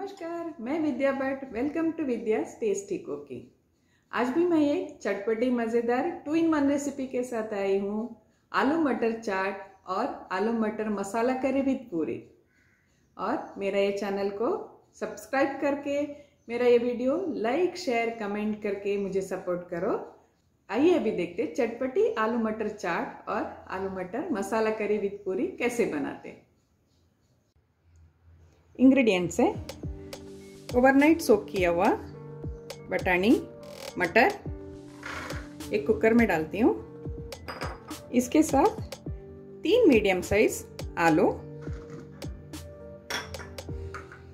नमस्कार मैं Vidya Bhatt welcome to Vidya tasty cooking आज भी मैं एक चटपटी मज़ेदार टू इन वन रेसिपी के साथ आई हूँ आलू मटर चाट और आलू मटर मसाला करी विद पूरी और मेरा ये चैनल को सब्सक्राइब करके मेरा ये वीडियो लाइक शेयर कमेंट करके मुझे सपोर्ट करो आइए अभी देखते चटपटी आलू मटर चाट और आलू मटर मसाला करी विद पूरी कैसे बनाते हैं इंग्रेडिएंट्स है ओवरनाइट सोक किया हुआ बटानी मटर एक कुकर में डालती हूँ इसके साथ तीन मीडियम साइज आलू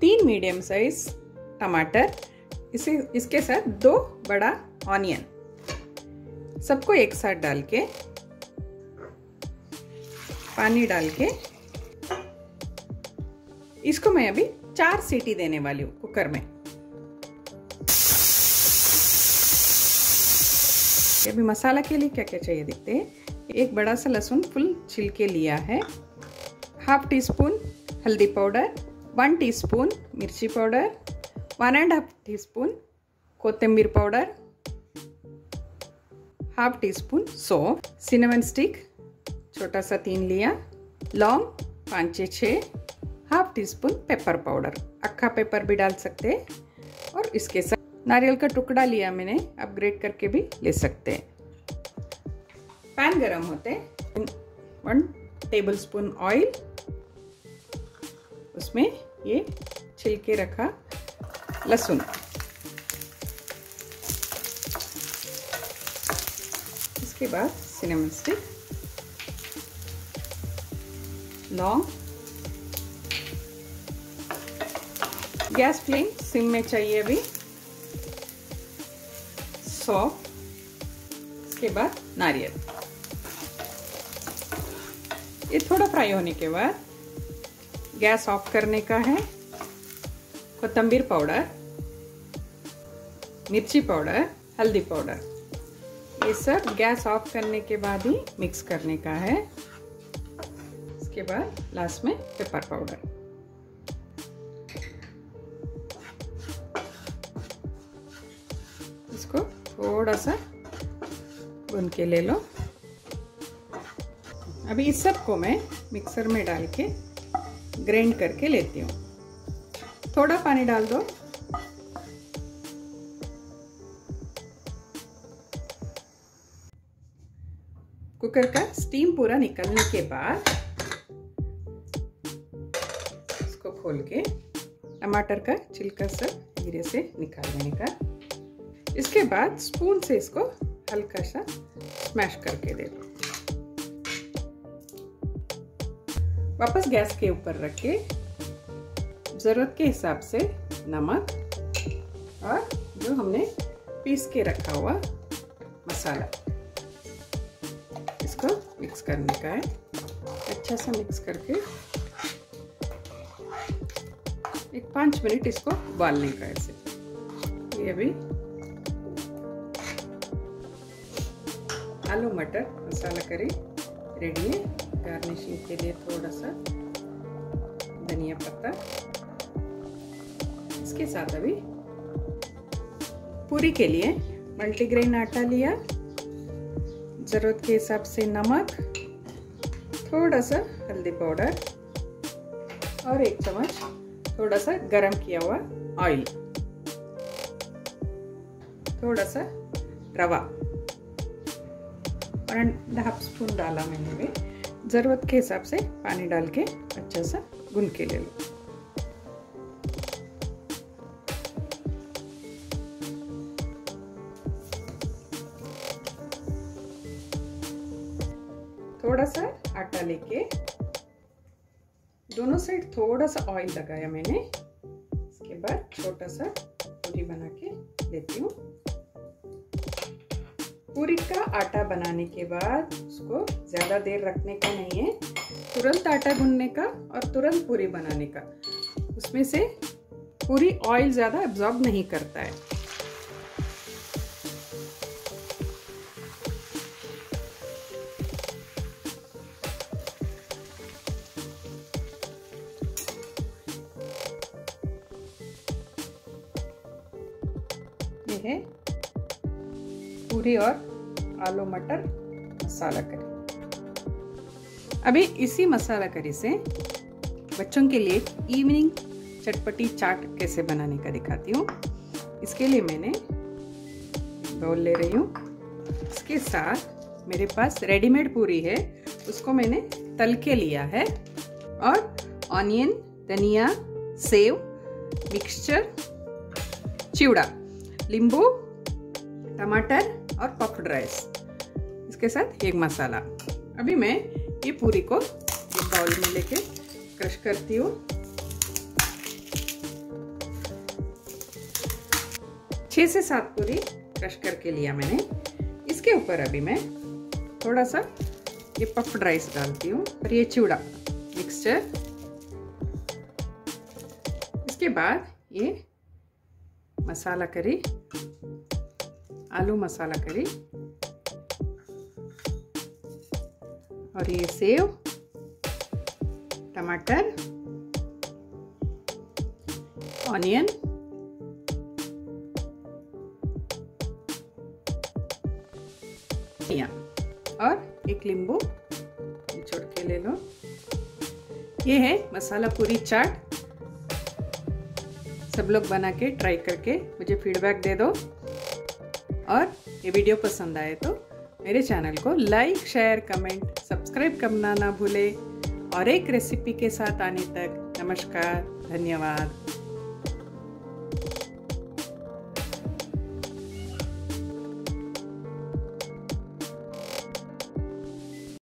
तीन मीडियम साइज टमाटर इसे इसके साथ दो बड़ा ऑनियन सबको एक साथ डाल के पानी डाल के इसको मैं अभी चार सीटी देने वाली हूँ कुकर में अभी मसाला के लिए क्या क्या चाहिए देखते हैं एक बड़ा सा लहसुन फुल छिलके लिया है हाफ टी स्पून हल्दी पाउडर वन टी स्पून मिर्ची powder one and half teaspoon कोथिंबीर पाउडर हाफ टी स्पून सौंफ सिनेमन स्टिक छोटा सा तीन लिया लौंग पाँच छः half teaspoon pepper powder अक्खा पेपर भी डाल सकते हैं और इसके साथ नारियल का टुकड़ा लिया मैंने आप ग्रेट करके भी ले सकते हैं पैन गरम होते वन टेबल स्पून ऑयल उसमें ये छिलके रखा लहसुन इसके बाद सिनेमन स्टिक लौंग गैस फ्लेम सिम में चाहिए अभी सौंफ इसके बाद नारियल ये थोड़ा फ्राई होने के बाद गैस ऑफ करने का है कोतंबीर पाउडर मिर्ची पाउडर हल्दी पाउडर ये सब गैस ऑफ करने के बाद ही मिक्स करने का है इसके बाद लास्ट में पेपर पाउडर थोड़ा सा बुन के ले लो अभी इस सब को मैं मिक्सर में डाल के ग्राइंड करके लेती हूँ थोड़ा पानी डाल दो कुकर का स्टीम पूरा निकलने के बाद इसको खोल के टमाटर का छिलका सब धीरे से निकाल देने का इसके बाद स्पून से इसको हल्का सा स्मैश करके दे दो वापस गैस के ऊपर रख के ज़रूरत के हिसाब से नमक और जो हमने पीस के रखा हुआ मसाला इसको मिक्स करने का है अच्छा सा मिक्स करके एक पाँच मिनट इसको उबालने का ऐसे ये अभी आलू मटर मसाला करी रेडी है गार्निशिंग के लिए थोड़ा सा धनिया पत्ता इसके साथ अभी पूरी के लिए मल्टीग्रेन आटा लिया ज़रूरत के हिसाब से नमक थोड़ा सा हल्दी पाउडर और एक चम्मच थोड़ा सा गरम किया हुआ ऑयल थोड़ा सा रवा एंड हाफ स्पून डाला मैंने भी ज़रूरत के हिसाब से पानी डाल के अच्छा सा गुन के ले लो थोड़ा सा आटा लेके दोनों साइड थोड़ा सा ऑयल लगाया मैंने इसके बाद छोटा सा पूरी बना के लेती हूँ पूरी का आटा बनाने के बाद उसको ज़्यादा देर रखने का नहीं है तुरंत आटा गूंदने का और तुरंत पूरी बनाने का उसमें से पूरी ऑयल ज़्यादा एब्जॉर्ब नहीं करता है है गोभी और आलू मटर मसाला करी अभी इसी मसाला करी से बच्चों के लिए इवनिंग चटपटी चाट कैसे बनाने का दिखाती हूँ इसके लिए मैंने बाउल ले रही हूँ इसके साथ मेरे पास रेडीमेड पूरी है उसको मैंने तल के लिया है और ऑनियन धनिया सेव मिक्सचर चिवड़ा लींबू टमाटर और पफ्ड राइस इसके साथ एक मसाला अभी मैं ये पूरी को एक बाउल में लेके क्रश करती हूँ छः से सात पूरी क्रश करके लिया मैंने इसके ऊपर अभी मैं थोड़ा सा ये पफ्ड राइस डालती हूँ और ये चूड़ा मिक्सचर इसके बाद ये मसाला करी आलू मसाला करी और ये सेव टमाटर ऑनियन और एक लींबू निचोड़ के ले लो ये है मसाला पूरी चाट सब लोग बना के ट्राई करके मुझे फीडबैक दे दो और ये वीडियो पसंद आए तो मेरे चैनल को लाइक शेयर कमेंट सब्सक्राइब करना ना भूले और एक रेसिपी के साथ आने तक नमस्कार धन्यवाद